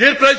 Dear President,